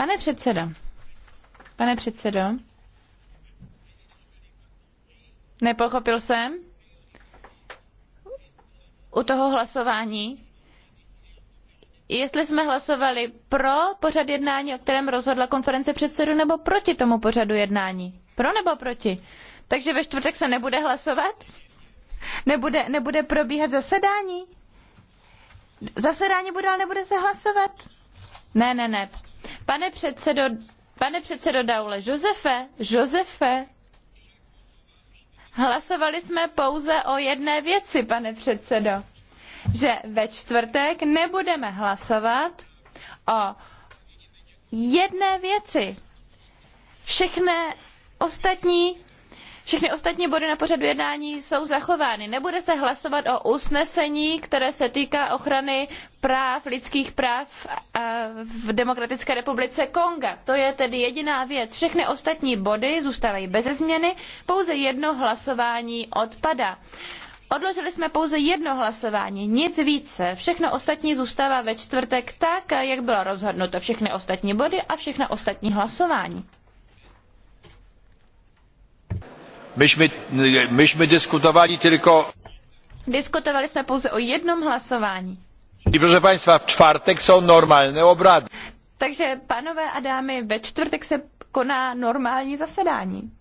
Pane předsedo, pane předsedo, nepochopil jsem u toho hlasování, jestli jsme hlasovali pro pořad jednání, o kterém rozhodla konference předsedu, nebo proti tomu pořadu jednání. Pro nebo proti? Takže ve čtvrtek se nebude hlasovat? Nebude, nebude probíhat zasedání? Zasedání bude, ale nebude se hlasovat? Ne, ne, ne. Pane předsedo, pane předsedo Daule, Josefe, Josefe, hlasovali jsme pouze o jedné věci, pane předsedo, že ve čtvrtek nebudeme hlasovat o jedné věci. Všechny ostatní všechny ostatní body na pořadu jednání jsou zachovány. Nebude se hlasovat o usnesení, které se týká ochrany práv, lidských práv eh, v Demokratické republice Konga. To je tedy jediná věc. Všechny ostatní body zůstávají beze změny, pouze jedno hlasování odpada. Odložili jsme pouze jedno hlasování, nic více. Všechno ostatní zůstává ve čtvrtek tak, jak bylo rozhodnuto. Všechny ostatní body a všechna ostatní hlasování. Myśmy, myśmy dyskutowali tylko... Diskutovali jsme pouze o jednom hlasování. I proszę Państwa, v čtvrtek jsou normální obrady. Takže, panové a dámy, ve čtvrtek se koná normální zasedání.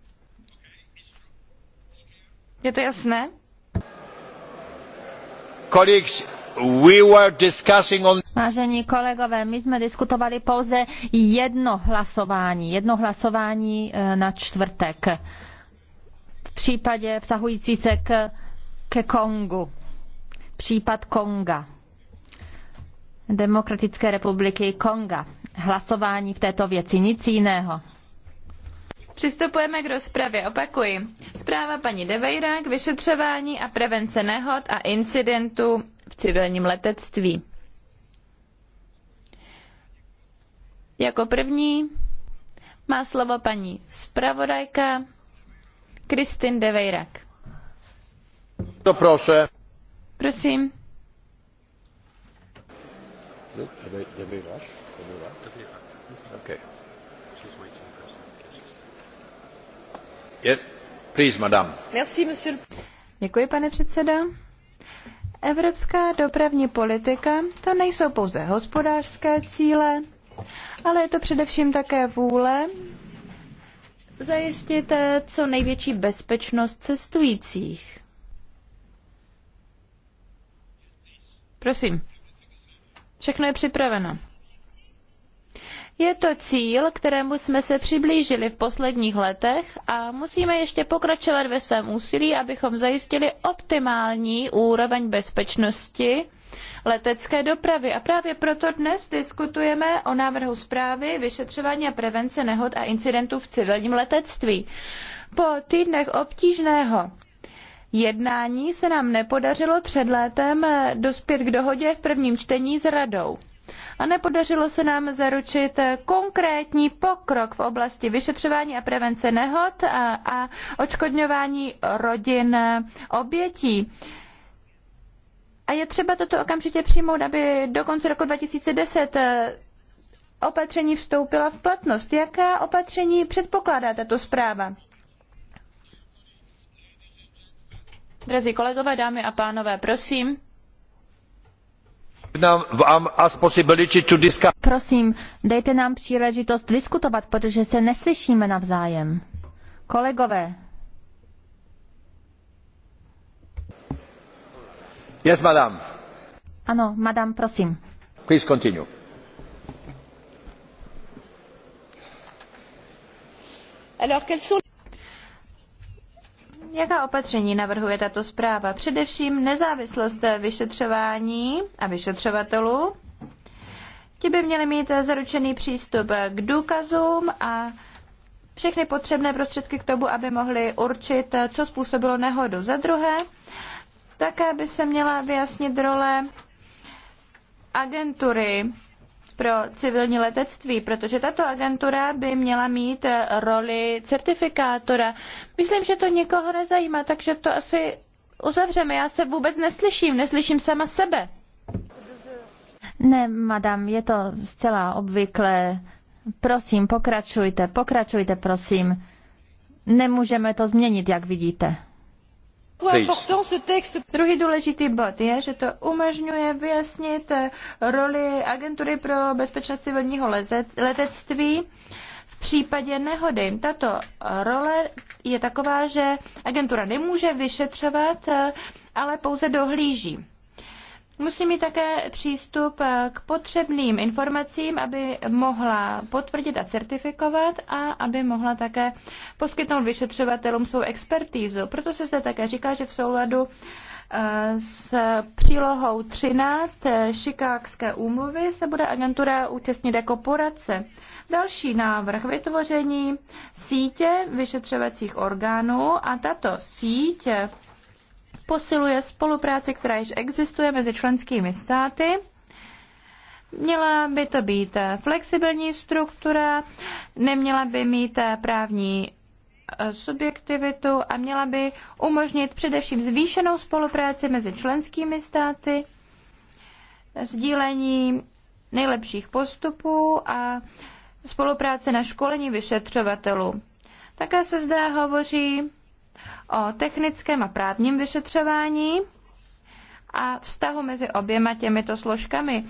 Je to jasné? Colleagues, we were discussing on... Vážení kolegové, my jsme diskutovali pouze jedno hlasování, jedno hlasování eh, na čtvrtek případě vtahující se k, ke Kongu. Případ Konga. Demokratické republiky Konga. Hlasování v této věci, nic jiného. Přistupujeme k rozpravě. Opakuji. Zpráva paní Deveira k vyšetřování a prevence nehod a incidentů v civilním letectví. Jako první má slovo paní zpravodajka Kristin de Vejrak. To no, proše. Prosím. No, de Vejrak? Okay. Yes. Please, madam. Merci, monsieur. Děkuji, pane předseda. Evropská dopravní politika to nejsou pouze hospodářské cíle, ale je to především také vůle Zajistěte co největší bezpečnost cestujících. Prosím. Všechno je připraveno. Je to cíl, kterému jsme se přiblížili v posledních letech a musíme ještě pokračovat ve svém úsilí, abychom zajistili optimální úroveň bezpečnosti letecké dopravy. A právě proto dnes diskutujeme o návrhu zprávy vyšetřování a prevence nehod a incidentů v civilním letectví. Po týdnech obtížného jednání se nám nepodařilo před létem dospět k dohodě v prvním čtení s radou a nepodařilo se nám zaručit konkrétní pokrok v oblasti vyšetřování a prevence nehod a, a odškodňování rodin obětí. A je třeba toto okamžitě přijmout, aby do konce roku 2010 eh, opatření vstoupila v platnost. Jaká opatření předpokládá tato zpráva? Drazí kolegové, dámy a pánové, prosím. Prosím, dejte nám příležitost diskutovat, protože se neslyšíme navzájem. Kolegové, Ano, madam, prosím. Please continue. Jaká opatření navrhuje tato zpráva? Především nezávislost vyšetřování a vyšetřovatelů. Ti by měli mít zaručený přístup k důkazům a všechny potřebné prostředky k tomu, aby mohli určit, co způsobilo nehodu. Za druhé, také by se měla vyjasnit role agentury pro civilní letectví, protože tato agentura by měla mít roli certifikátora. Myslím, že to nikoho nezajímá, takže to asi uzavřeme. Já se vůbec neslyším, neslyším sama sebe. Ne, madam, je to zcela obvykle. Prosím, pokračujte, pokračujte, prosím. Nemůžeme to změnit, jak vidíte. Jako Druhý důležitý bod je, že to umožňuje vyjasnit eh, roli agentury pro bezpečnost civilního letectví v případě nehody. Tato eh, role je taková, že agentura nemůže vyšetřovat, eh, ale pouze dohlíží. Musí mít také přístup eh, k potřebným informacím, aby mohla potvrdit a certifikovat a aby mohla také poskytnout vyšetřovatelům svou expertízu. Proto se zde také říká, že v souladu eh, s přílohou 13 eh, Chicagské úmluvy se bude agentura účastnit jako poradce. Další návrh vytvoření sítě vyšetřovacích orgánů a tato síť posiluje spolupráci, která již existuje mezi členskými státy. Měla by to být flexibilní struktura, neměla by mít právní eh, subjektivitu a měla by umožnit především zvýšenou spolupráci mezi členskými státy, sdílení nejlepších postupů a spolupráce na školení vyšetřovatelů. Také se zde hovoří o technickém a právním vyšetřování a vztahu mezi oběma těmito složkami.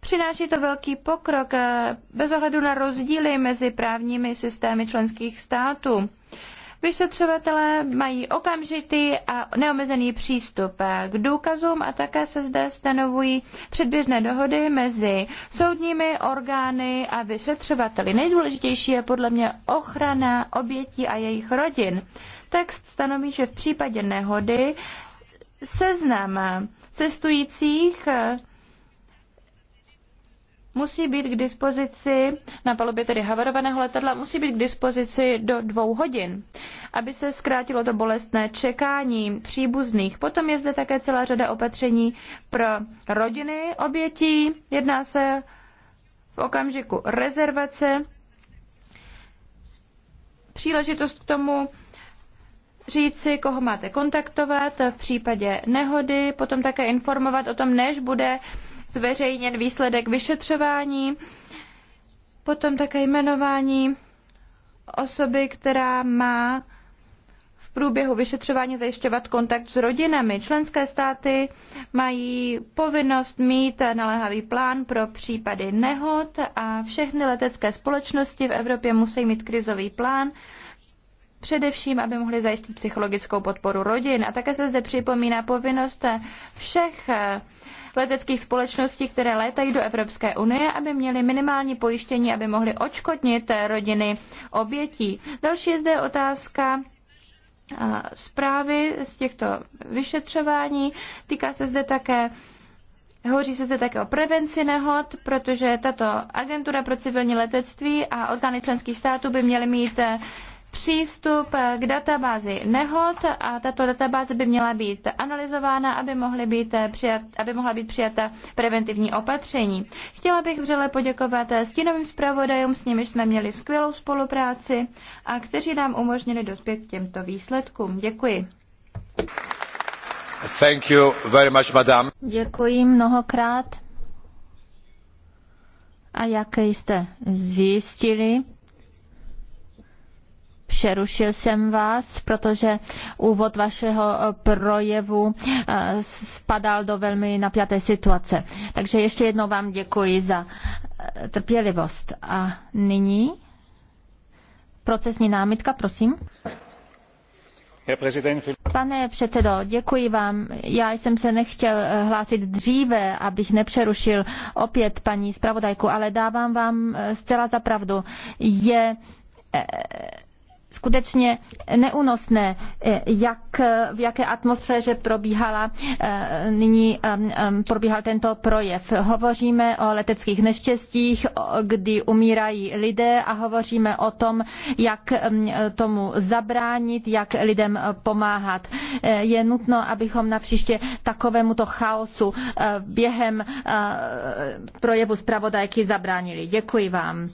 Přináší to velký pokrok eh, bez ohledu na rozdíly mezi právními systémy členských států. Vyšetřovatelé mají okamžitý a neomezený přístup k důkazům a také se zde stanovují předběžné dohody mezi soudními orgány a vyšetřovateli. Nejdůležitější je podle mě ochrana obětí a jejich rodin. Text stanoví, že v případě nehody seznam cestujících musí být k dispozici, na palubě tedy havarovaného letadla, musí být k dispozici do dvou hodin, aby se zkrátilo to bolestné čekání příbuzných. Potom je zde také celá řada opatření pro rodiny obětí. Jedná se v okamžiku rezervace. Příležitost k tomu říci, koho máte kontaktovat v případě nehody, potom také informovat o tom, než bude zveřejněn výsledek vyšetřování, potom také jmenování osoby, která má v průběhu vyšetřování zajišťovat kontakt s rodinami. Členské státy mají povinnost mít naléhavý plán pro případy nehod a všechny letecké společnosti v Evropě musí mít krizový plán, především, aby mohli zajistit psychologickou podporu rodin. A také se zde připomíná povinnost všech leteckých společností, které létají do Evropské unie, aby měly minimální pojištění, aby mohly očkodnit eh, rodiny obětí. Další je zde otázka eh, zprávy z těchto vyšetřování. Týká se zde také Hovoří se zde také o prevenci nehod, protože tato agentura pro civilní letectví a orgány členských států by měly mít eh, přístup k databázi nehod a tato databáze by měla být analyzována, aby, mohly být eh, přijat, aby mohla být přijata preventivní opatření. Chtěla bych vřele poděkovat eh, stínovým zpravodajům, s nimiž jsme měli skvělou spolupráci a kteří nám umožnili dospět k těmto výsledkům. Děkuji. Thank you very much, madam. Děkuji mnohokrát. A jak jste zjistili, Přerušil jsem vás, protože úvod vašeho eh, projevu eh, spadal do velmi napjaté situace. Takže ještě jednou vám děkuji za eh, trpělivost. A nyní procesní námitka, prosím. Pane předsedo, děkuji vám. Já jsem se nechtěl hlásit dříve, abych nepřerušil opět paní zpravodajku, ale dávám vám zcela za pravdu. Je skutečně neúnosné, eh, jak, eh, v jaké atmosféře probíhala eh, nyní probíhal tento projev. Hovoříme o leteckých neštěstích, kdy umírají lidé a hovoříme o tom, jak tomu zabránit, jak lidem pomáhat. Je nutno, abychom na takovému takovémuto chaosu během projevu zpravodajky zabránili. Děkuji vám.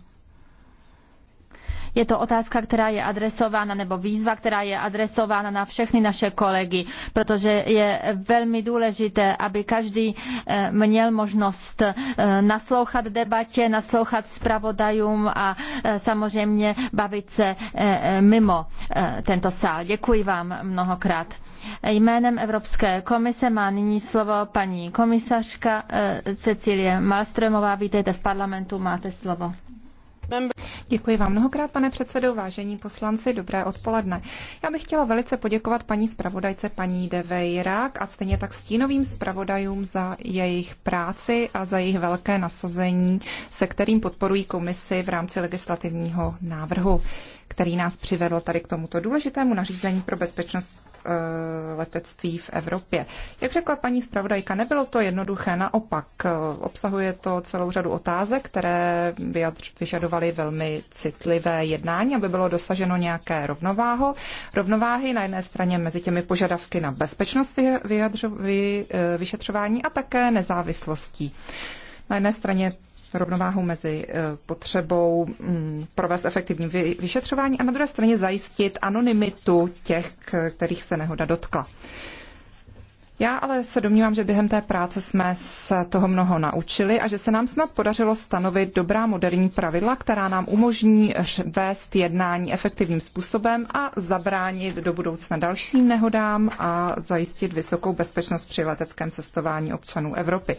Je to otázka, která je adresována, nebo výzva, která je adresována na všechny naše kolegy, protože je velmi důležité, aby každý eh, měl možnost eh, naslouchat debatě, naslouchat zpravodajům a eh, samozřejmě bavit se mimo tento sál. Děkuji vám mnohokrát. Jménem Evropské komise má nyní slovo paní komisařka Cecilie Malstromová. Vítejte v parlamentu, máte slovo. Děkuji vám mnohokrát, pane předsedo, vážení poslanci, dobré odpoledne. Já bych chtěla velice poděkovat paní zpravodajce paní De a stejně tak stínovým zpravodajům za jejich práci a za jejich velké nasazení, se kterým podporují komisi v rámci legislativního návrhu který nás přivedl tady k tomuto důležitému nařízení pro bezpečnost eh, letectví v Evropě. Jak řekla paní zpravodajka, nebylo to jednoduché, naopak eh, obsahuje to celou řadu otázek, které vyžadovaly velmi citlivé jednání, aby bylo dosaženo nějaké rovnováho. Rovnováhy na jedné straně mezi těmi požadavky na bezpečnost vyjadřo, vy, eh, vyšetřování a také nezávislostí. Na jedné straně rovnováhu mezi eh, potřebou mm, provést efektivní vyšetřování a na druhé straně zajistit anonymitu těch, eh, kterých se nehoda dotkla. Já ale se domnívám, že během té práce jsme se toho mnoho naučili a že se nám snad podařilo stanovit dobrá moderní pravidla, která nám umožní vést jednání efektivním způsobem a zabránit do budoucna dalším nehodám a zajistit vysokou bezpečnost při leteckém cestování občanů Evropy.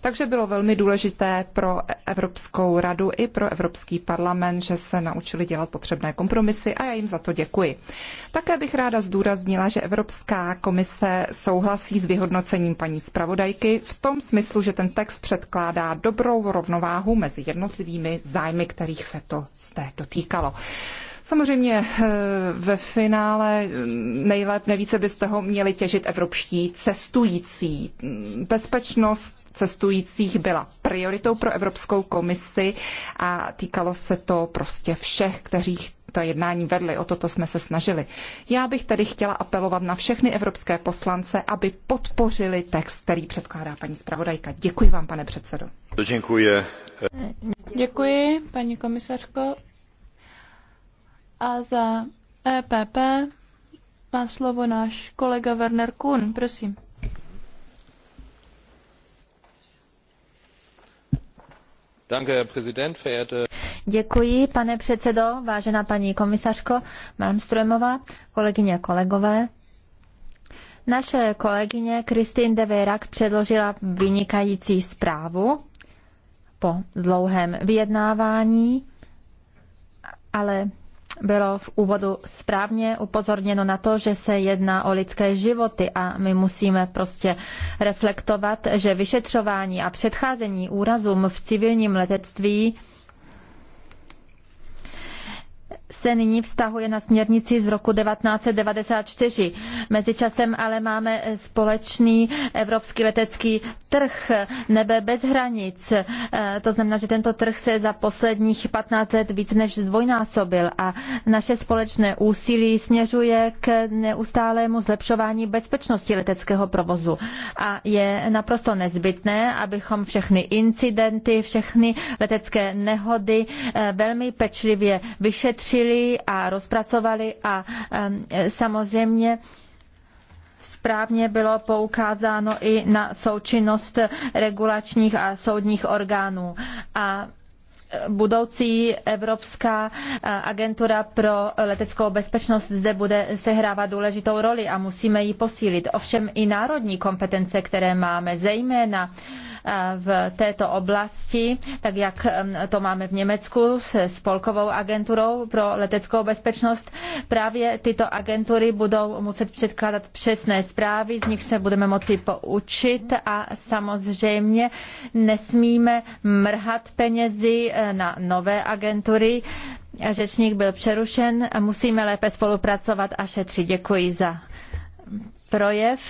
Takže bylo velmi důležité pro Evropskou radu i pro Evropský parlament, že se naučili dělat potřebné kompromisy a já jim za to děkuji. Také bych ráda zdůraznila, že Evropská komise souhlasí s vyhodnocením paní zpravodajky v tom smyslu, že ten text předkládá dobrou rovnováhu mezi jednotlivými zájmy, kterých se to zde dotýkalo. Samozřejmě eh, ve finále mm, nejlépe nejvíce byste ho měli těžit evropští cestující. Bezpečnost cestujících byla prioritou pro Evropskou komisi a týkalo se to prostě všech, kteří ta jednání vedli. O toto jsme se snažili. Já bych tedy chtěla apelovat na všechny evropské poslance, aby podpořili text, který předkládá paní zpravodajka. Děkuji vám, pane předsedo. Děkuji. Děkuji, paní komisařko. A za EPP má slovo náš kolega Werner Kuhn. Prosím. Děkuji, pane předsedo, vážená paní komisařko Malmströmová, kolegyně, kolegové. Naše kolegyně Kristýn de Veyrac předložila vynikající zprávu po dlouhém vyjednávání, ale bylo v úvodu správně upozorněno na to, že se jedná o lidské životy a my musíme prostě reflektovat, že vyšetřování a předcházení úrazům v civilním letectví se nyní vztahuje na směrnici z roku 1994. Mezičasem ale máme společný evropský letecký trh nebe bez hranic. E, to znamená, že tento trh se za posledních 15 let víc než zdvojnásobil a naše společné úsilí směřuje k neustálému zlepšování bezpečnosti leteckého provozu. A je naprosto nezbytné, abychom všechny incidenty, všechny letecké nehody e, velmi pečlivě vyšetřili a rozpracovali a e, samozřejmě správně bylo poukázáno i na součinnost regulačních a soudních orgánů. A budoucí Evropská agentura pro leteckou bezpečnost zde bude sehrávat důležitou roli a musíme ji posílit. Ovšem i národní kompetence, které máme, zejména uh, Eh, v této oblasti, tak jak to máme v Německu se spolkovou agenturou pro leteckou bezpečnost. Právě tyto agentury budou muset předkládat přesné zprávy, z nich se budeme moci poučit a samozřejmě nesmíme mrhat penězi eh, na nové agentury. Řečník byl přerušen, musíme lépe spolupracovat a šetřit. Děkuji za projev.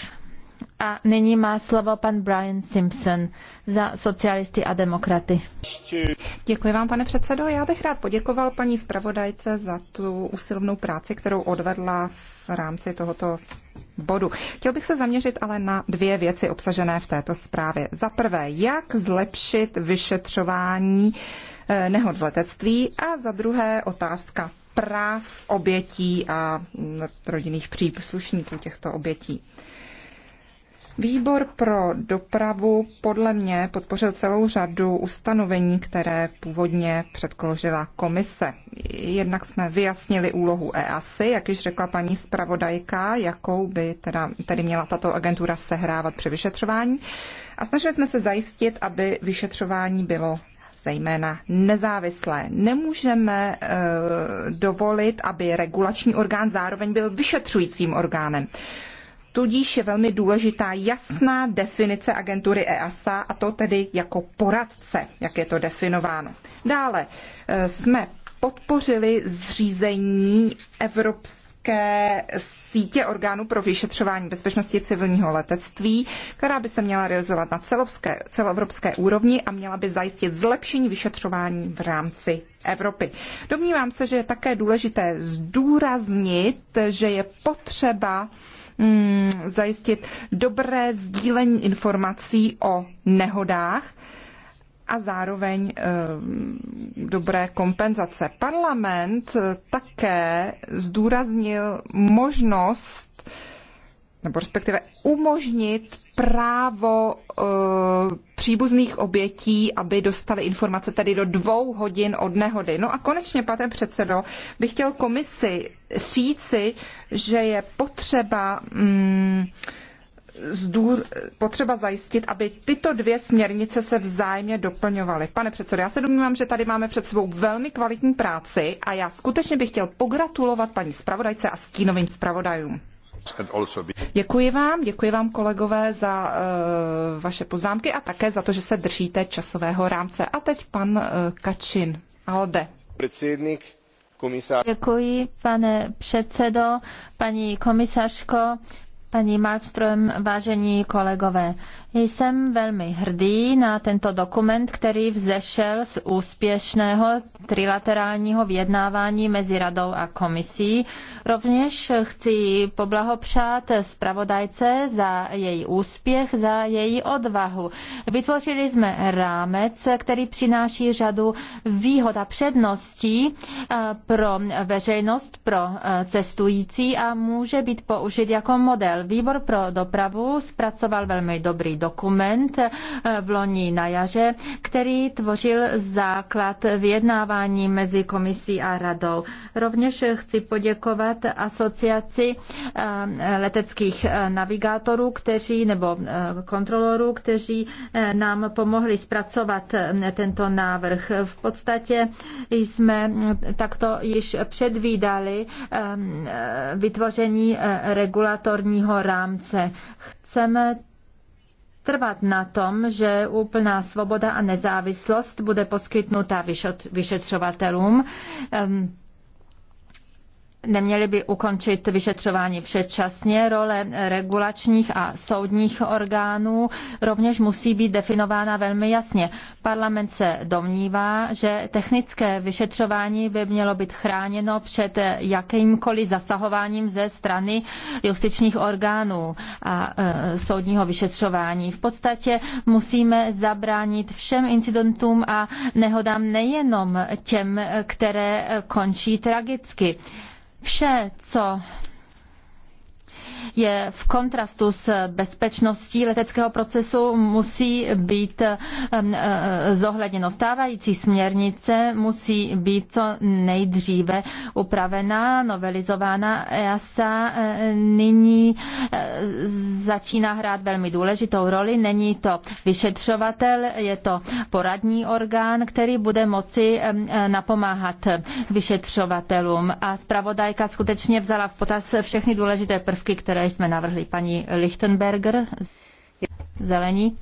A nyní má slovo pan Brian Simpson za socialisty a demokraty. Děkuji vám, pane předsedo. Já bych rád poděkoval paní zpravodajce za tu usilovnou práci, kterou odvedla v rámci tohoto bodu. Chtěl bych se zaměřit ale na dvě věci obsažené v této zprávě. Za prvé, jak zlepšit vyšetřování eh, nehod v letectví a za druhé otázka práv obětí a mm, rodinných příslušníků těchto obětí. Výbor pro dopravu podle mě podpořil celou řadu ustanovení, které původně předložila komise. Jednak jsme vyjasnili úlohu EASY, jak již řekla paní zpravodajka, jakou by teda, tedy měla tato agentura sehrávat při vyšetřování. A snažili jsme se zajistit, aby vyšetřování bylo zejména nezávislé. Nemůžeme e, dovolit, aby regulační orgán zároveň byl vyšetřujícím orgánem. Tudíž je velmi důležitá jasná definice agentury EASA a to tedy jako poradce, jak je to definováno. Dále eh, jsme podpořili zřízení Evropské sítě orgánů pro vyšetřování bezpečnosti civilního letectví, která by se měla realizovat na celovské, celoevropské úrovni a měla by zajistit zlepšení vyšetřování v rámci Evropy. Domnívám se, že je také důležité zdůraznit, že je potřeba Mm, zajistit dobré sdílení informací o nehodách a zároveň eh, dobré kompenzace. Parlament eh, také zdůraznil možnost nebo respektive umožnit právo e, příbuzných obětí, aby dostali informace tedy do dvou hodin od nehody. No a konečně, pane předsedo, bych chtěl komisi říci, že je potřeba. Mm, zdůr, potřeba zajistit, aby tyto dvě směrnice se vzájemně doplňovaly. Pane předsedo, já se domnívám, že tady máme před sebou velmi kvalitní práci a já skutečně bych chtěl pogratulovat paní zpravodajce a stínovým zpravodajům. Děkuji vám, děkuji vám kolegové za uh, vaše poznámky a také za to, že se držíte časového rámce. A teď pan uh, Kačin, Alde. Děkuji, pane předsedo, paní komisařko, paní Malmström, vážení kolegové. Jsem velmi hrdý na tento dokument, který vzešel z úspěšného trilaterálního vyjednávání mezi radou a komisí. Rovněž chci poblahopřát zpravodajce za její úspěch, za její odvahu. Vytvořili jsme rámec, který přináší řadu výhod a předností eh, pro veřejnost, pro eh, cestující a může být použit jako model. Výbor pro dopravu zpracoval velmi dobrý dokument eh, v loni na jaře, který tvořil základ vyjednávání mezi komisí a radou. Rovněž chci poděkovat asociaci eh, leteckých eh, navigátorů, kteří nebo kontrolorů, kteří nám pomohli zpracovat tento návrh. V podstatě jsme takto již předvídali vytvoření regulatorního rámce. Chceme trvat na tom, že úplná svoboda a nezávislost bude poskytnuta vyšetřovatelům Neměly by ukončit vyšetřování předčasně. Role regulačních a soudních orgánů rovněž musí být definována velmi jasně. Parlament se domnívá, že technické vyšetřování by mělo být chráněno před jakýmkoliv zasahováním ze strany justičních orgánů a e, soudního vyšetřování. V podstatě musíme zabránit všem incidentům a nehodám nejenom těm, které končí tragicky. Vše, co je v kontrastu s bezpečností leteckého procesu, musí být eh, eh, zohledněno. Stávající směrnice musí být co nejdříve upravena novelizována. EASA eh, nyní začíná hrát velmi důležitou roli. Není to vyšetřovatel, je to poradní orgán, který bude moci napomáhat vyšetřovatelům. A zpravodajka skutečně vzala v potaz všechny důležité prvky, které které jsme navrhli paní Lichtenberger zelení.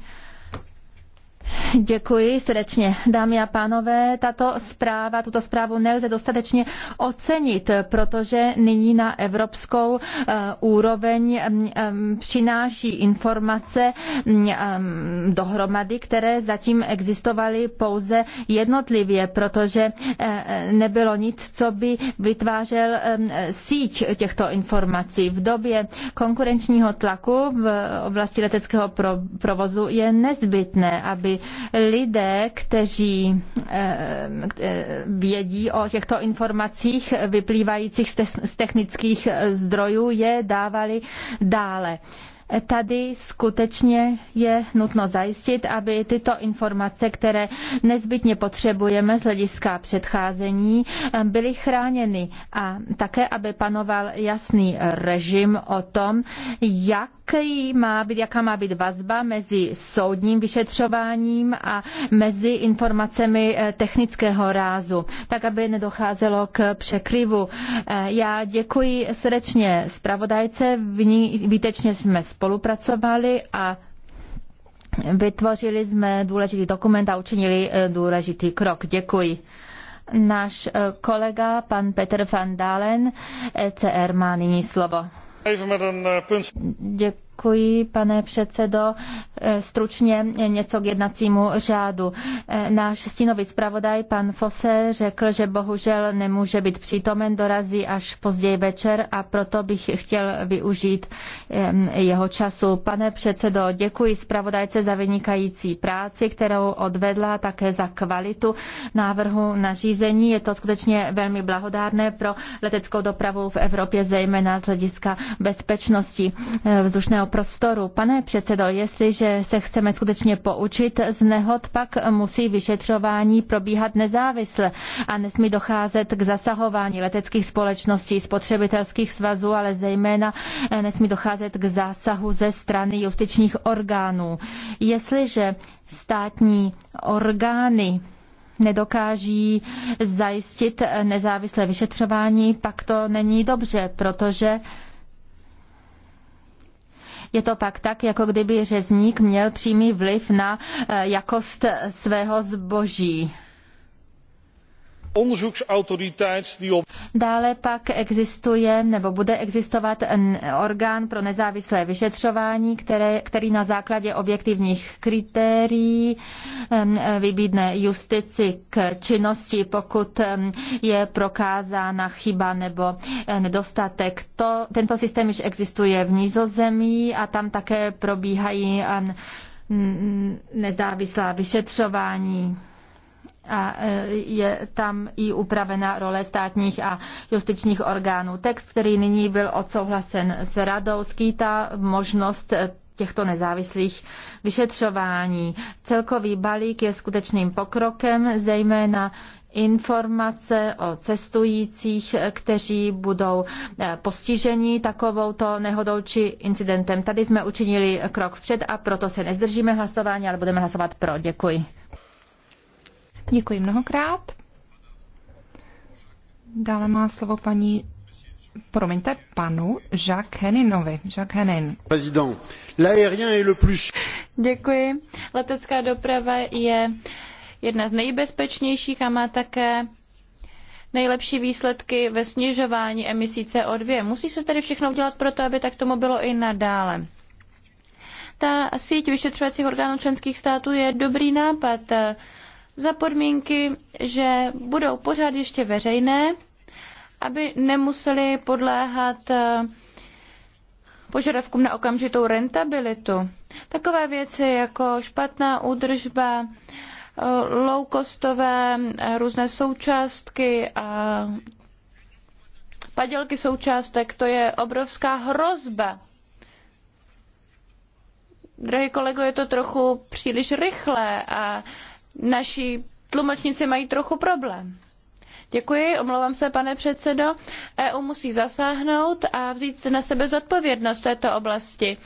Děkuji srdečně. Dámy a pánové, tato zpráva, tuto zprávu nelze dostatečně ocenit, protože nyní na evropskou eh, úroveň mm, mm, přináší informace mm, dohromady, které zatím existovaly pouze jednotlivě, protože eh, nebylo nic, co by vytvářel eh, síť těchto informací. V době konkurenčního tlaku v oblasti leteckého provozu je nezbytné, aby lidé, kteří eh, eh, vědí o těchto informacích vyplývajících z technických eh, zdrojů, je dávali dále. Tady skutečně je nutno zajistit, aby tyto informace, které nezbytně potřebujeme z hlediska předcházení, byly chráněny a také, aby panoval jasný režim o tom, jak jaký má být, jaká má být vazba mezi soudním vyšetřováním a mezi informacemi eh, technického rázu, tak aby nedocházelo k překryvu. Eh, já děkuji srdečně zpravodajce, výtečně jsme spolupracovali a vytvořili jsme důležitý dokument a učinili eh, důležitý krok. Děkuji. Náš kolega, pan Petr van Dalen, ECR má nyní slovo. Eh, Děkuji. Děkuji, pane předsedo. E, stručně něco k jednacímu řádu. E, náš stínový zpravodaj, pan Fose, řekl, že bohužel nemůže být přítomen, dorazí až později večer a proto bych chtěl využít jeho času. Pane předsedo, děkuji zpravodajce za vynikající práci, kterou odvedla, také za kvalitu návrhu nařízení. Je to skutečně velmi blahodárné pro leteckou dopravu v Evropě, zejména z hlediska bezpečnosti e, vzdušného prostoru. Pane předsedo, jestliže se chceme skutečně poučit z nehod, pak musí vyšetřování probíhat nezávisle a nesmí docházet k zasahování leteckých společností, spotřebitelských svazů, ale zejména eh, nesmí docházet k zásahu ze strany justičních orgánů. Jestliže státní orgány nedokáží zajistit eh, nezávislé vyšetřování, pak to není dobře, protože je to pak tak, jako kdyby řezník měl přímý vliv na eh, jakost svého zboží. Dále pak existuje nebo bude existovat orgán pro nezávislé vyšetřování, které, který na základě objektivních kritérií vybídne justici k činnosti, pokud je prokázána chyba nebo nedostatek. To, tento systém již existuje v Nizozemí a tam také probíhají nezávislá vyšetřování a e, je tam i upravena role státních a justičních orgánů. Text, který nyní byl odsouhlasen s radou, skýtá možnost těchto nezávislých vyšetřování. Celkový balík je skutečným pokrokem, zejména informace o cestujících, kteří budou e, postiženi takovouto nehodou či incidentem. Tady jsme učinili krok vpřed a proto se nezdržíme hlasování, ale budeme hlasovat pro. Děkuji. Děkuji mnohokrát. Dále má slovo paní Promiňte, panu Jacques Heninovi. Jacques Henin. Děkuji. Letecká doprava je jedna z nejbezpečnějších a má také nejlepší výsledky ve snižování emisí CO2. Musí se tedy všechno udělat pro to, aby tak tomu bylo i nadále. Ta síť vyšetřovacích orgánů členských států je dobrý nápad za podmínky, že budou pořád ještě veřejné, aby nemuseli podléhat eh, požadavkům na okamžitou rentabilitu. Takové věci jako špatná údržba, eh, loukostové eh, různé součástky a padělky součástek, to je obrovská hrozba. Drahý kolego, je to trochu příliš rychlé a naši tlumočníci mají trochu problém. Děkuji, omlouvám se, pane předsedo. EU musí zasáhnout a vzít na sebe zodpovědnost v této oblasti.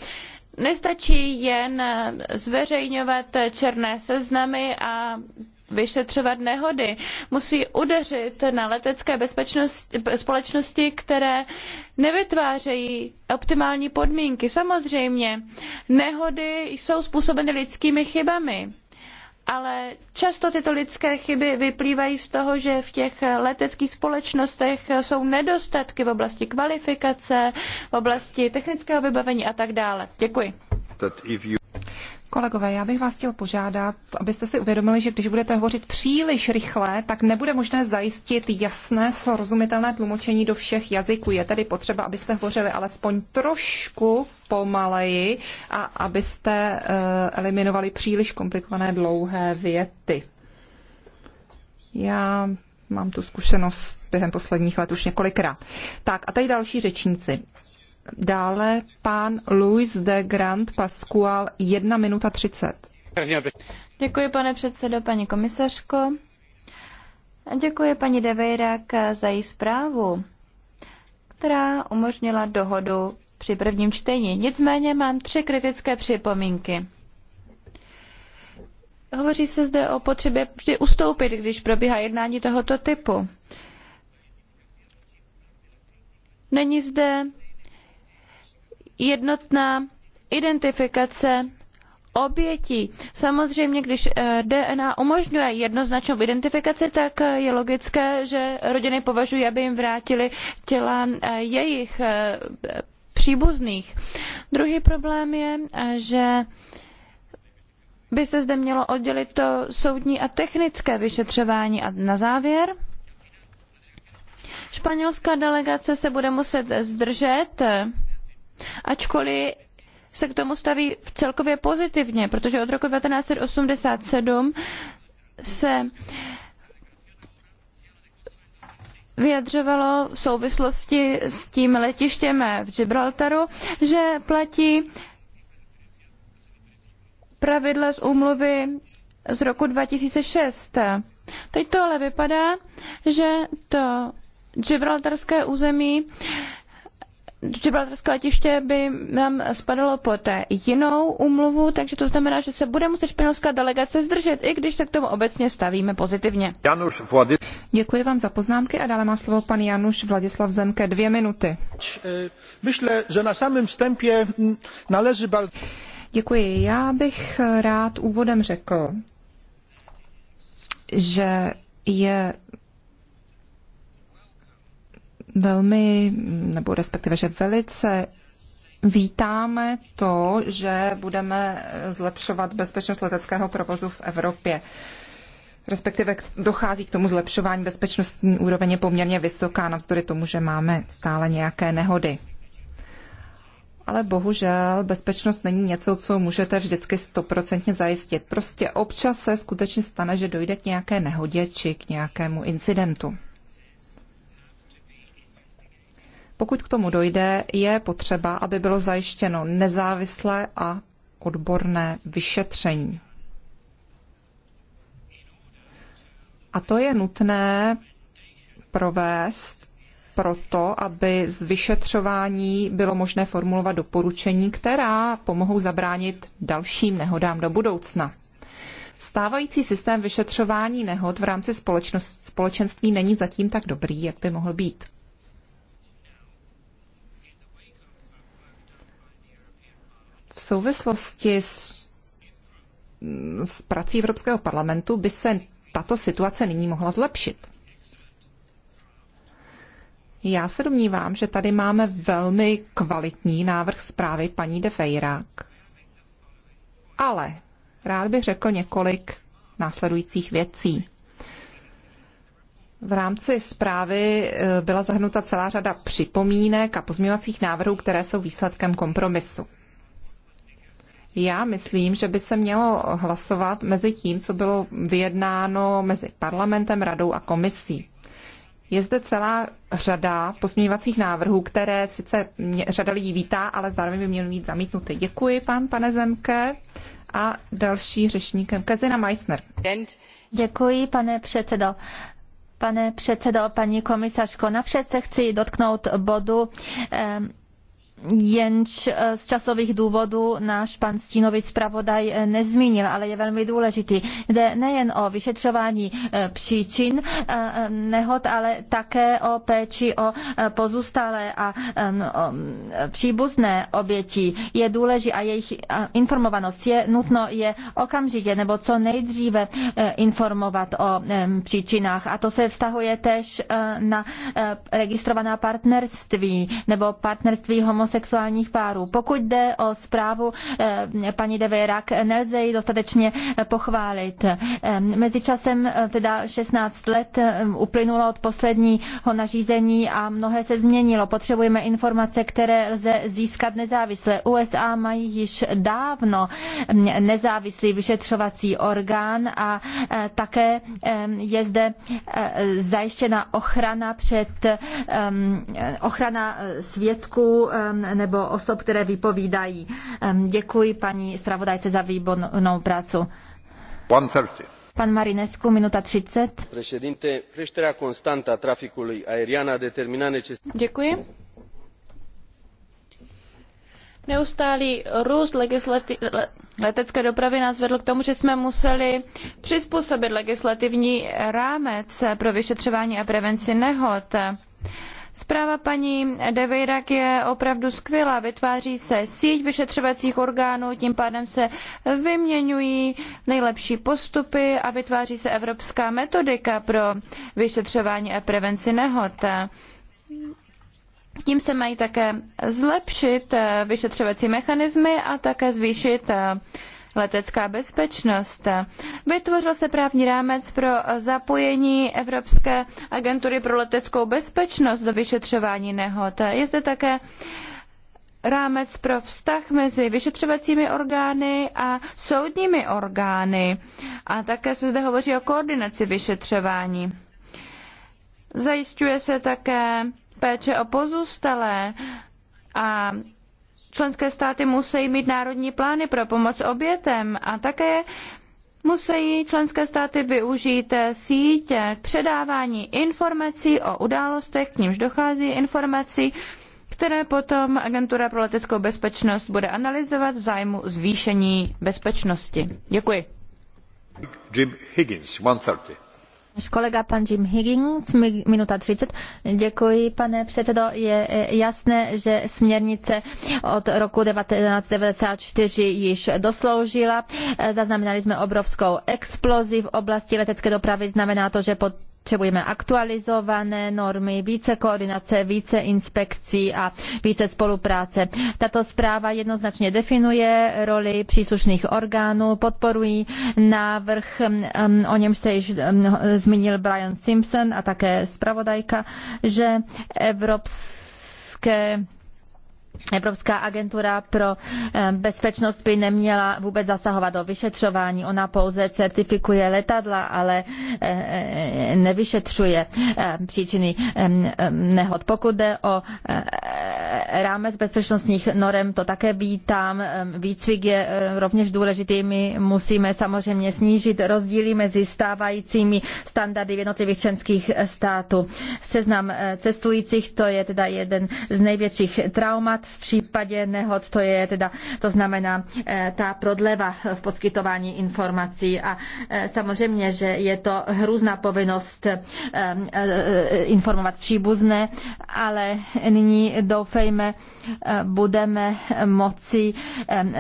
Nestačí jen zveřejňovat černé seznamy a vyšetřovat nehody. Musí udeřit na letecké společnosti, které nevytvářejí optimální podmínky. Samozřejmě, nehody jsou způsobeny lidskými chybami ale často tyto lidské chyby vyplývají z toho, že v těch leteckých společnostech jsou nedostatky v oblasti kvalifikace, v oblasti technického vybavení a tak dále. Děkuji. Kolegové, já bych vás chtěl požádat, abyste si uvědomili, že když budete hovořit příliš rychle, tak nebude možné zajistit jasné, srozumitelné tlumočení do všech jazyků. Je tedy potřeba, abyste hovořili alespoň trošku pomaleji a abyste uh, eliminovali příliš komplikované dlouhé věty. Já mám tu zkušenost během posledních let už několikrát. Tak a tady další řečníci. Dále pan Luis de Grand Pascual, 1 minuta 30. Děkuji, pane předsedo, paní komisařko. děkuji paní Deveirak za její zprávu, která umožnila dohodu při prvním čtení. Nicméně mám tři kritické připomínky. Hovoří se zde o potřebě vždy ustoupit, když probíhá jednání tohoto typu. Není zde jednotná identifikace obětí. Samozřejmě, když eh, DNA umožňuje jednoznačnou identifikaci, tak eh, je logické, že rodiny považují, aby jim vrátili těla eh, jejich příbuzných. Druhý problém je, že by se zde mělo oddělit to soudní a technické vyšetřování. A na závěr, španělská delegace se bude muset zdržet Ačkoliv se k tomu staví v celkově pozitivně, protože od roku 1987 se vyjadřovalo v souvislosti s tím letištěm v Gibraltaru, že platí pravidla z úmluvy z roku 2006. Teď to ale vypadá, že to gibraltarské území Gibraltarské letiště by nám spadalo pod jinou úmluvu, takže to znamená, že se bude muset španělská delegace zdržet, i když se k tomu obecně stavíme pozitivně. Januš Vladi... Děkuji vám za poznámky a dále má slovo pan Januš Vladislav Zemke. Dvě minuty. Myslím, že na samém vstępie należy bardzo... Děkuji. Já bych rád úvodem řekl, že je velmi, nebo respektive, že velice vítáme to, že budeme zlepšovat bezpečnost leteckého provozu v Evropě. Respektive dochází k tomu zlepšování bezpečnostní úroveň je poměrně vysoká, navzdory tomu, že máme stále nějaké nehody. Ale bohužel bezpečnost není něco, co můžete vždycky stoprocentně zajistit. Prostě občas se skutečně stane, že dojde k nějaké nehodě či k nějakému incidentu. Pokud k tomu dojde, je potřeba, aby bylo zajištěno nezávislé a odborné vyšetření. A to je nutné provést proto, aby z vyšetřování bylo možné formulovat doporučení, která pomohou zabránit dalším nehodám do budoucna. Stávající systém vyšetřování nehod v rámci společenství není zatím tak dobrý, jak by mohl být. v souvislosti s, s prací Evropského parlamentu by se tato situace nyní mohla zlepšit. Já se domnívám, že tady máme velmi kvalitní návrh zprávy paní de Fejrák. Ale rád bych řekl několik následujících věcí. V rámci zprávy e, byla zahrnuta celá řada připomínek a pozměňovacích návrhů, které jsou výsledkem kompromisu. Já myslím, že by se mělo hlasovat mezi tím, co bylo vyjednáno mezi parlamentem, radou a komisí. Je zde celá řada posměňovacích návrhů, které sice řada lidí vítá, ale zároveň by měly být zamítnuty. Děkuji, pan, pane Zemke a další řešníkem, Kazina Meissner. Děkuji, pane předsedo. Pane předsedo, paní komisařko, napřed se chci dotknout bodu eh, jenž eh, z časových důvodů náš pan stínový zpravodaj eh, nezmínil, ale je velmi důležitý. Jde nejen o vyšetřování eh, příčin nehod, ale také o péči o pozůstalé a příbuzné oběti. Je důležité a jejich informovanost je nutno je okamžitě nebo co nejdříve informovat o příčinách. A to se vztahuje tež na registrovaná partnerství nebo partnerství homosexuálních homosexuálních párů. Pokud jde o zprávu eh, paní de Veyrac, nelze ji dostatečně eh, pochválit. Eh, mezičasem teda 16 let uplynulo od posledního nařízení a mnohé se změnilo. Potřebujeme informace, které lze získat nezávisle. USA mají již dávno mm, nezávislý vyšetřovací orgán a také je zde zajištěna ochrana před mm, ochrana svědků nebo osob, které vypovídají. Děkuji paní zpravodajce za výbornou práci. Pan Marinescu, minuta 30. Děkuji. Neustálý růst legislati- letecké dopravy nás vedl k tomu, že jsme museli přizpůsobit legislativní rámec pro vyšetřování a prevenci nehod. Zpráva paní De Veyrac je opravdu skvělá. Vytváří se síť vyšetřovacích orgánů, tím pádem se vyměňují nejlepší postupy a vytváří se evropská metodika pro vyšetřování a prevenci nehod. Tím se mají také zlepšit eh, vyšetřovací mechanismy a také zvýšit eh, letecká bezpečnost. Vytvořil se právní rámec pro zapojení Evropské agentury pro leteckou bezpečnost do vyšetřování nehod. Je zde také rámec pro vztah mezi vyšetřovacími orgány a soudními orgány. A také se zde hovoří o koordinaci vyšetřování. Zajišťuje se také péče o pozůstalé a Členské státy musí mít národní plány pro pomoc obětem a také musí členské státy využít sítě k předávání informací o událostech, k nímž dochází informací, které potom Agentura pro leteckou bezpečnost bude analyzovat v zájmu zvýšení bezpečnosti. Děkuji. Jim Higgins, 130. Náš kolega pan Jim Higgins, minuta 30. Děkuji, pane předsedo. Je eh, jasné, že směrnice od roku 1994 již dosloužila. Eh, zaznamenali jsme obrovskou explozi v oblasti letecké dopravy. Znamená to, že po potřebujeme aktualizované normy, více koordinace, více inspekcí a více spolupráce. Tato zpráva jednoznačně definuje roli příslušných orgánů, podporují návrh, mm, mm, o němž se již mm, zmínil Brian Simpson a také zpravodajka, že evropské Evropská agentura pro eh, bezpečnost by neměla vůbec zasahovat do vyšetřování. Ona pouze certifikuje letadla, ale eh, nevyšetřuje eh, příčiny nehod. Pokud jde o rámec bezpečnostních norem, to také vítám. Výcvik je rovněž důležitý. My musíme samozřejmě snížit rozdíly mezi stávajícími standardy v jednotlivých členských států. Seznam cestujících, to je teda jeden z největších traumat v případě nehod, to je teda, to znamená eh, ta prodleva v poskytování informací a eh, samozřejmě, že je to hrůzná povinnost eh, informovat příbuzné, ale nyní doufejme, budeme moci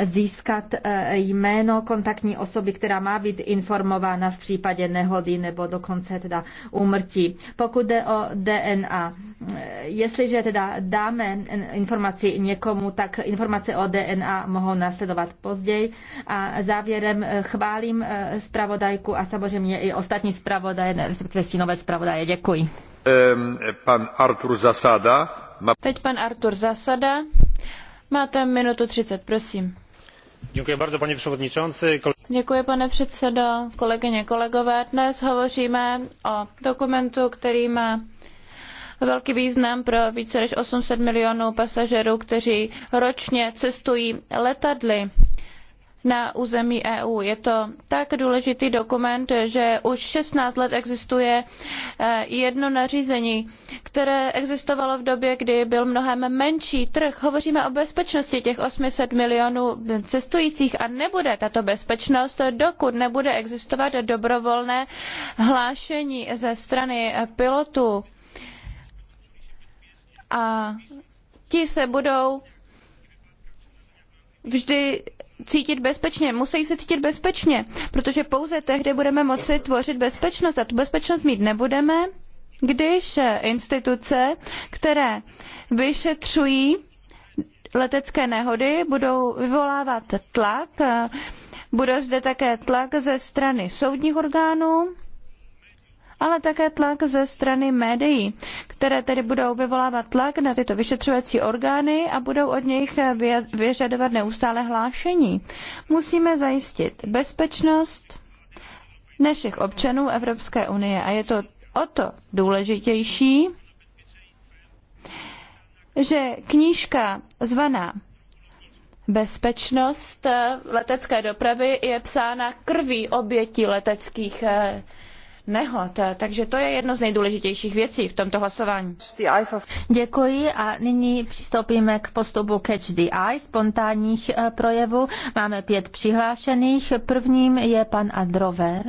získat jméno kontaktní osoby, která má být informována v případě nehody nebo dokonce teda úmrtí. Pokud jde o DNA, jestliže teda dáme informaci někomu, tak informace o DNA mohou následovat později. A závěrem eh, chválím eh, zpravodajku a samozřejmě i ostatní zpravodaje, respektive stínové zpravodaje. Děkuji. Pan Artur Zasada. Ma... Teď pan Artur Zasada. Máte minutu 30, prosím. Děkuji bardzo, pane předsedající. Děkuji, pane předsedo, kolegyně, kolegové. Dnes hovoříme o dokumentu, který má velký význam pro více než 800 milionů pasažerů, kteří ročně cestují letadly na území EU. Je to tak důležitý dokument, že už 16 let existuje eh, jedno nařízení, které existovalo v době, kdy byl mnohem menší trh. Hovoříme o bezpečnosti těch 800 milionů cestujících a nebude tato bezpečnost, dokud nebude existovat dobrovolné hlášení ze strany pilotů a ti se budou vždy cítit bezpečně, musí se cítit bezpečně, protože pouze tehdy budeme moci tvořit bezpečnost a tu bezpečnost mít nebudeme, když instituce, které vyšetřují letecké nehody, budou vyvolávat tlak, bude zde také tlak ze strany soudních orgánů, ale také tlak ze strany médií, které tedy budou vyvolávat tlak na tyto vyšetřovací orgány a budou od nich vyřadovat neustále hlášení. Musíme zajistit bezpečnost našich občanů Evropské unie a je to o to důležitější, že knížka zvaná Bezpečnost letecké dopravy je psána krví obětí leteckých eh, nehod. Takže to je jedno z nejdůležitějších věcí v tomto hlasování. Děkuji a nyní přistoupíme k postupu Catch the Eye, spontánních eh, projevů. Máme pět přihlášených. Prvním je pan Adrover.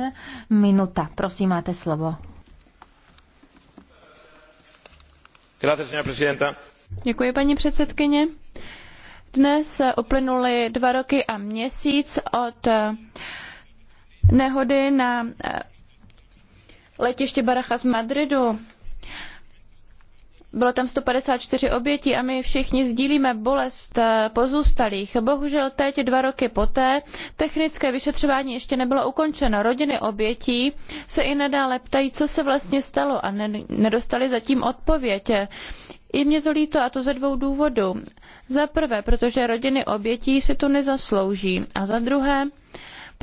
Minuta, prosím, máte slovo. Děkuji, paní předsedkyně. Dnes uplynuly dva roky a měsíc od eh, nehody na eh, letiště Barajas z Madridu. Bylo tam 154 obětí a my všichni sdílíme bolest eh, pozůstalých. Bohužel teď, dva roky poté, technické vyšetřování ještě nebylo ukončeno. Rodiny obětí se i nadále ptají, co se vlastně stalo a nedostali zatím odpověď. I mě to líto a to ze dvou důvodů. Za prvé, protože rodiny obětí si to nezaslouží. A za druhé,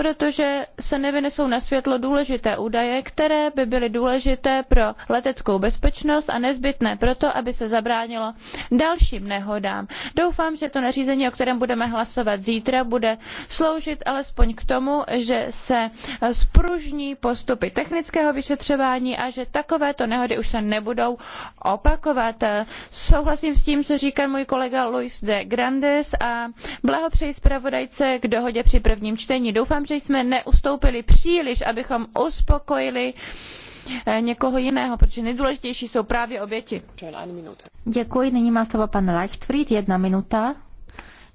protože se nevynesou na světlo důležité údaje, které by byly důležité pro leteckou bezpečnost a nezbytné proto, aby se zabránilo dalším nehodám. Doufám, že to nařízení, o kterém budeme hlasovat zítra, bude sloužit alespoň k tomu, že se spružní postupy technického vyšetřování a že takovéto nehody už se nebudou opakovat. Souhlasím s tím, co říká můj kolega Luis de Grandes a blahopřeji zpravodajce k dohodě při prvním čtení. Doufám, že jsme neustoupili příliš, abychom uspokojili eh, někoho jiného, protože nejdůležitější jsou právě oběti. Děkuji, nyní má slovo pan Leichtfried, jedna minuta.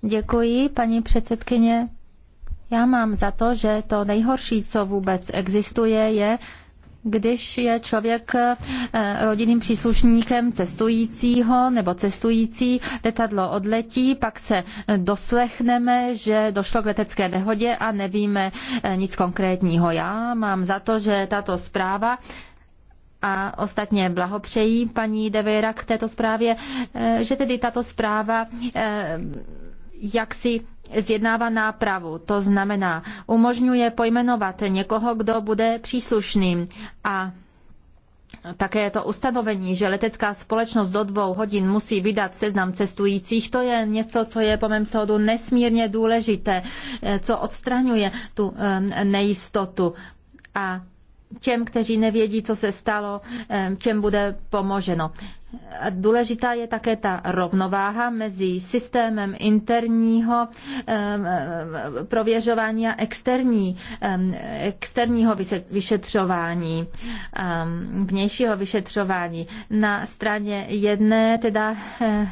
Děkuji, paní předsedkyně. Já mám za to, že to nejhorší, co vůbec existuje, je, když je člověk eh, rodinným příslušníkem cestujícího nebo cestující, letadlo odletí, pak se doslechneme, že došlo k letecké nehodě a nevíme eh, nic konkrétního. Já mám za to, že tato zpráva a ostatně blahopřejí paní Devera k této zprávě, eh, že tedy tato zpráva jaksi zjednává nápravu. To znamená, umožňuje pojmenovat někoho, kdo bude příslušným a také to ustanovení, že letecká společnost do dvou hodin musí vydat seznam cestujících, to je něco, co je po mém soudu nesmírně důležité, co odstraňuje tu nejistotu. A těm, kteří nevědí, co se stalo, těm bude pomoženo. Důležitá je také ta rovnováha mezi systémem interního prověřování a externí, externího vyšetřování, vnějšího vyšetřování. Na straně jedné teda eh,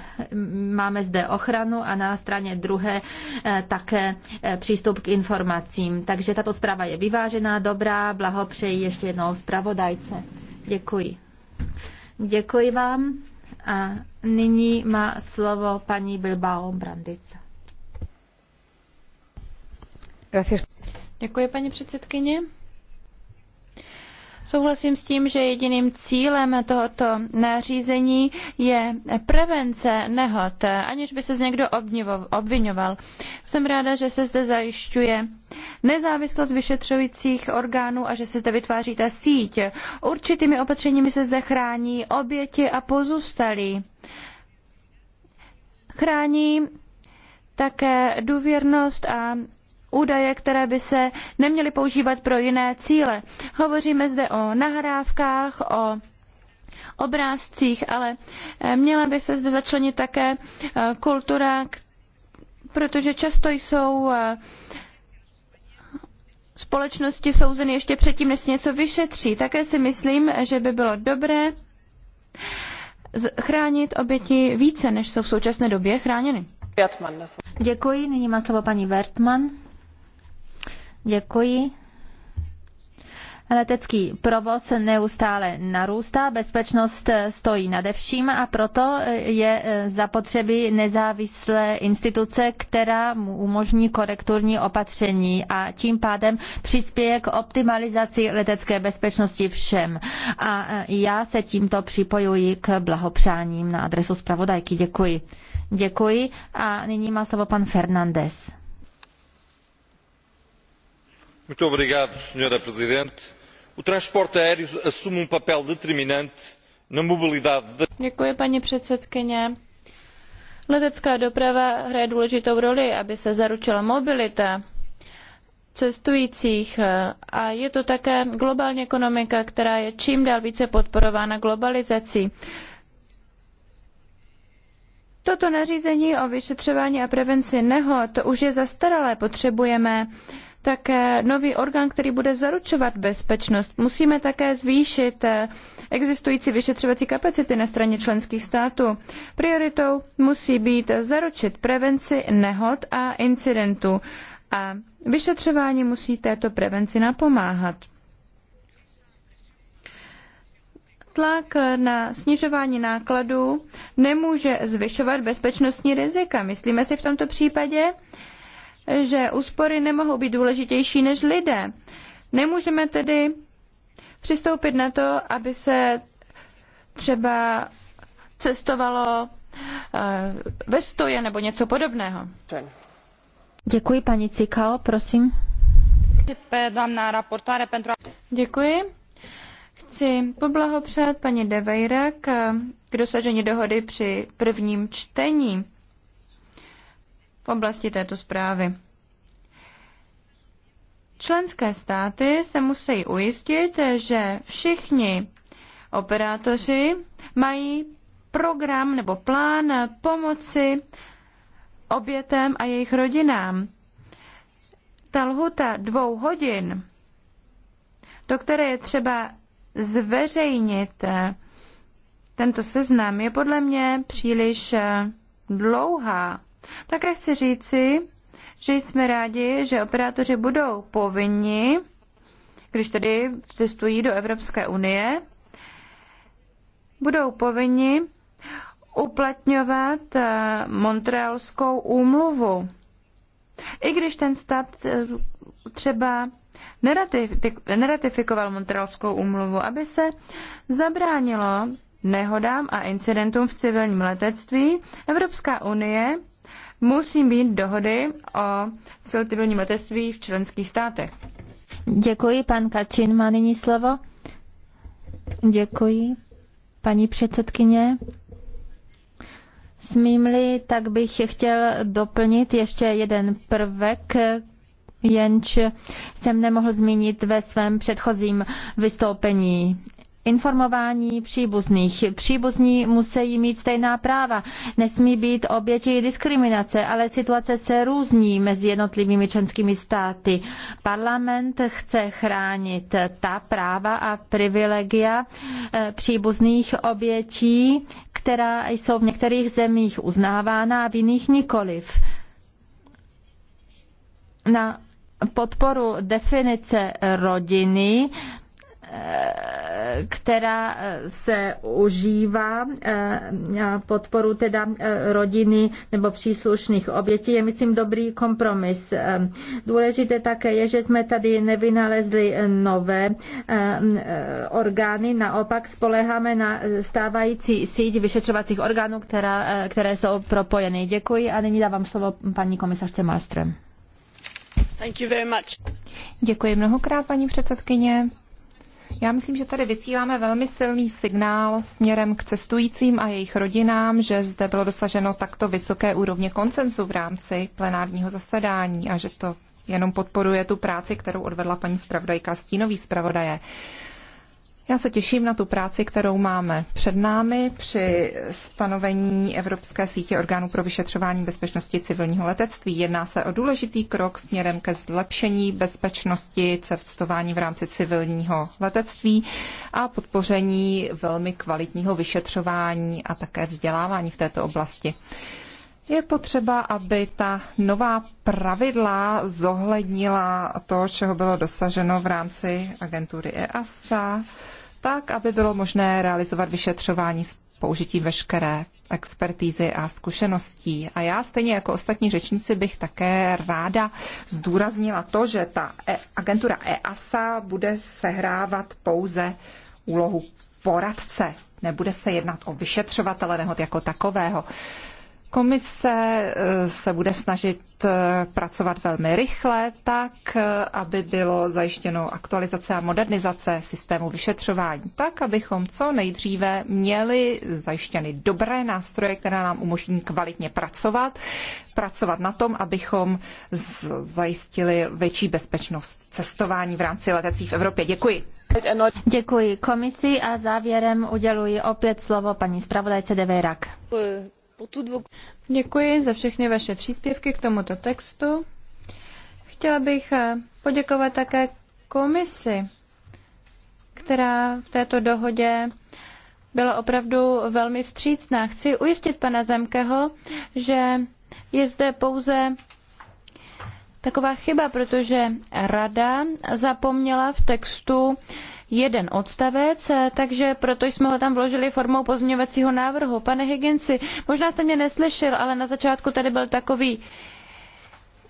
máme zde ochranu a na straně druhé eh, také eh, přístup k informacím. Takže tato zpráva je vyvážená, dobrá, blahopřeji ještě jednou zpravodajce. Děkuji. Děkuji vám a nyní má slovo paní Bilbao Brandice. Děkuji, paní předsedkyně. Souhlasím s tím, že jediným cílem tohoto nařízení je prevence nehod, aniž by se z někdo obvinoval. Jsem ráda, že se zde zajišťuje nezávislost vyšetřujících orgánů a že se zde vytváří ta síť. Určitými opatřeními se zde chrání oběti a pozůstalí. Chrání také důvěrnost a údaje, které by se neměly používat pro jiné cíle. Hovoříme zde o nahrávkách, o obrázcích, ale eh, měla by se zde začlenit také eh, kultura, protože často jsou eh, společnosti souzeny ještě předtím, než se něco vyšetří. Také si myslím, že by bylo dobré chránit oběti více, než jsou v současné době chráněny. Děkuji, nyní má slovo paní Wertmann. Děkuji. Letecký provoz neustále narůstá, bezpečnost stojí nade vším a proto je zapotřebí nezávislé instituce, která mu umožní korekturní opatření a tím pádem přispěje k optimalizaci letecké bezpečnosti všem. A já se tímto připojuji k blahopřáním na adresu zpravodajky. Děkuji. Děkuji a nyní má slovo pan Fernandez senhora presidente o transporte aéreo assume um papel determinante na mobilidade. Děkuji, paní předsedkyně. Letecká doprava hraje důležitou roli, aby se zaručila mobilita cestujících a je to také globální ekonomika, která je čím dál více podporována globalizací. Toto nařízení o vyšetřování a prevenci nehod už je zastaralé. Potřebujeme také nový orgán, který bude zaručovat bezpečnost. Musíme také zvýšit eh, existující vyšetřovací kapacity na straně členských států. Prioritou musí být zaručit prevenci nehod a incidentů a vyšetřování musí této prevenci napomáhat. tlak na snižování nákladů nemůže zvyšovat bezpečnostní rizika. Myslíme si v tomto případě, že úspory nemohou být důležitější než lidé. Nemůžeme tedy přistoupit na to, aby se třeba cestovalo eh, ve stoje nebo něco podobného. Děkuji, paní Cikao, prosím. Děkuji. Chci poblahopřát paní Deveira eh, k dosažení dohody při prvním čtení v oblasti této zprávy. Členské státy se musí ujistit, že všichni operátoři mají program nebo plán pomoci obětem a jejich rodinám. Ta lhuta dvou hodin, do které je třeba zveřejnit eh, tento seznam, je podle mě příliš eh, dlouhá. Také chci říci, že jsme rádi, že operátoři budou povinni, když tedy cestují do Evropské unie, budou povinni uplatňovat eh, Montrealskou úmluvu. I když ten stát eh, třeba neratifikoval Montrealskou úmluvu, aby se zabránilo nehodám a incidentům v civilním letectví, Evropská unie musí být dohody o celotybilním letectví v členských státech. Děkuji, pan Kačin má nyní slovo. Děkuji, paní předsedkyně. Smím-li, tak bych chtěl doplnit ještě jeden prvek, jenž jsem nemohl zmínit ve svém předchozím vystoupení informování příbuzných. Příbuzní musí mít stejná práva, nesmí být oběti diskriminace, ale situace se různí mezi jednotlivými členskými státy. Parlament chce chránit ta práva a privilegia eh, příbuzných obětí, která jsou v některých zemích uznávána a v jiných nikoliv. Na podporu definice rodiny Eh, která se užívá na eh, podporu teda eh, rodiny nebo příslušných obětí, je myslím dobrý kompromis. Důležité také je, že jsme tady nevynalezli nové orgány, naopak spoleháme na stávající síť vyšetřovacích orgánů, která, které jsou propojeny. Děkuji a nyní dávám slovo paní komisařce Malström. Děkuji mnohokrát, paní předsedkyně. Já myslím, že tady vysíláme velmi silný signál směrem k cestujícím a jejich rodinám, že zde bylo dosaženo takto vysoké úrovně koncenzu v rámci plenárního zasedání a že to jenom podporuje tu práci, kterou odvedla paní zpravodajka Stínový zpravodaje. Já se těším na tu práci, kterou máme před námi při stanovení Evropské sítě orgánů pro vyšetřování bezpečnosti civilního letectví. Jedná se o důležitý krok směrem ke zlepšení bezpečnosti cestování v rámci civilního letectví a podpoření velmi kvalitního vyšetřování a také vzdělávání v této oblasti. Je potřeba, aby ta nová pravidla zohlednila to, čeho bylo dosaženo v rámci agentury EASA tak, aby bylo možné realizovat vyšetřování s použitím veškeré expertízy a zkušeností. A já stejně jako ostatní řečníci bych také ráda zdůraznila to, že ta e- agentura EASA bude sehrávat pouze úlohu poradce. Nebude se jednat o vyšetřovatele nehod jako takového. Komise eh, se bude snažit eh, pracovat velmi rychle, tak, eh, aby bylo zajištěno aktualizace a modernizace systému vyšetřování, tak, abychom co nejdříve měli zajištěny dobré nástroje, které nám umožní kvalitně pracovat, pracovat na tom, abychom zajistili větší bezpečnost cestování v rámci letecí v Evropě. Děkuji. Děkuji komisi a závěrem uděluji opět slovo paní zpravodajce Veyrac. Děkuji za všechny vaše příspěvky k tomuto textu. Chtěla bych eh, poděkovat také komisi, která v této dohodě byla opravdu velmi vstřícná. Chci ujistit pana Zemkeho, že je zde pouze taková chyba, protože rada zapomněla v textu jeden odstavec, eh, takže proto jsme ho tam vložili formou pozměňovacího návrhu. Pane Higginsi, možná jste mě neslyšel, ale na začátku tady byl takový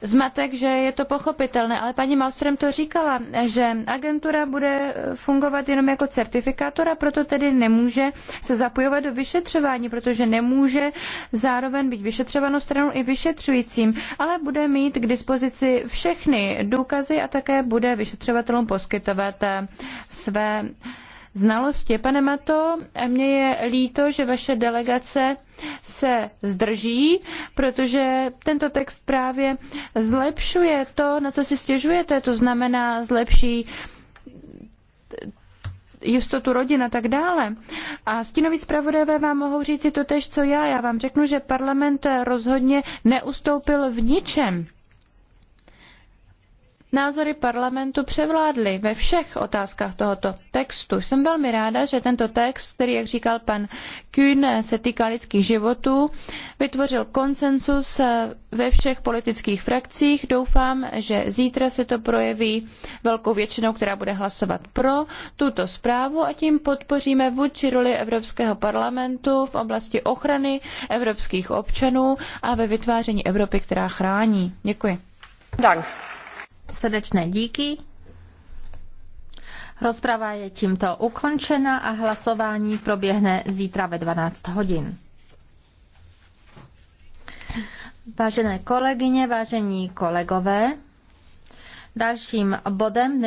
zmatek, že je to pochopitelné, ale paní Malström to říkala, že agentura bude fungovat jenom jako certifikátor a proto tedy nemůže se zapojovat do vyšetřování, protože nemůže zároveň být vyšetřovanou stranou i vyšetřujícím, ale bude mít k dispozici všechny důkazy a také bude vyšetřovatelům poskytovat eh, své znalosti. Pane Mato, mně je líto, že vaše delegace se zdrží, protože tento text právě zlepšuje to, na co si stěžujete, to znamená zlepší jistotu rodin a tak dále. A stínoví zpravodajové vám mohou říct i to tež, co já. Já vám řeknu, že parlament rozhodně neustoupil v ničem názory parlamentu převládly ve všech otázkách tohoto textu. Jsem velmi ráda, že tento text, který, jak říkal pan Kühn, se týká lidských životů, vytvořil konsensus ve všech politických frakcích. Doufám, že zítra se to projeví velkou většinou, která bude hlasovat pro tuto zprávu a tím podpoříme vůči roli Evropského parlamentu v oblasti ochrany evropských občanů a ve vytváření Evropy, která chrání. Děkuji. Dank. Srdečné díky. Rozprava je tímto ukončena a hlasování proběhne zítra ve 12 hodin. Vážené kolegyně, vážení kolegové, dalším bodem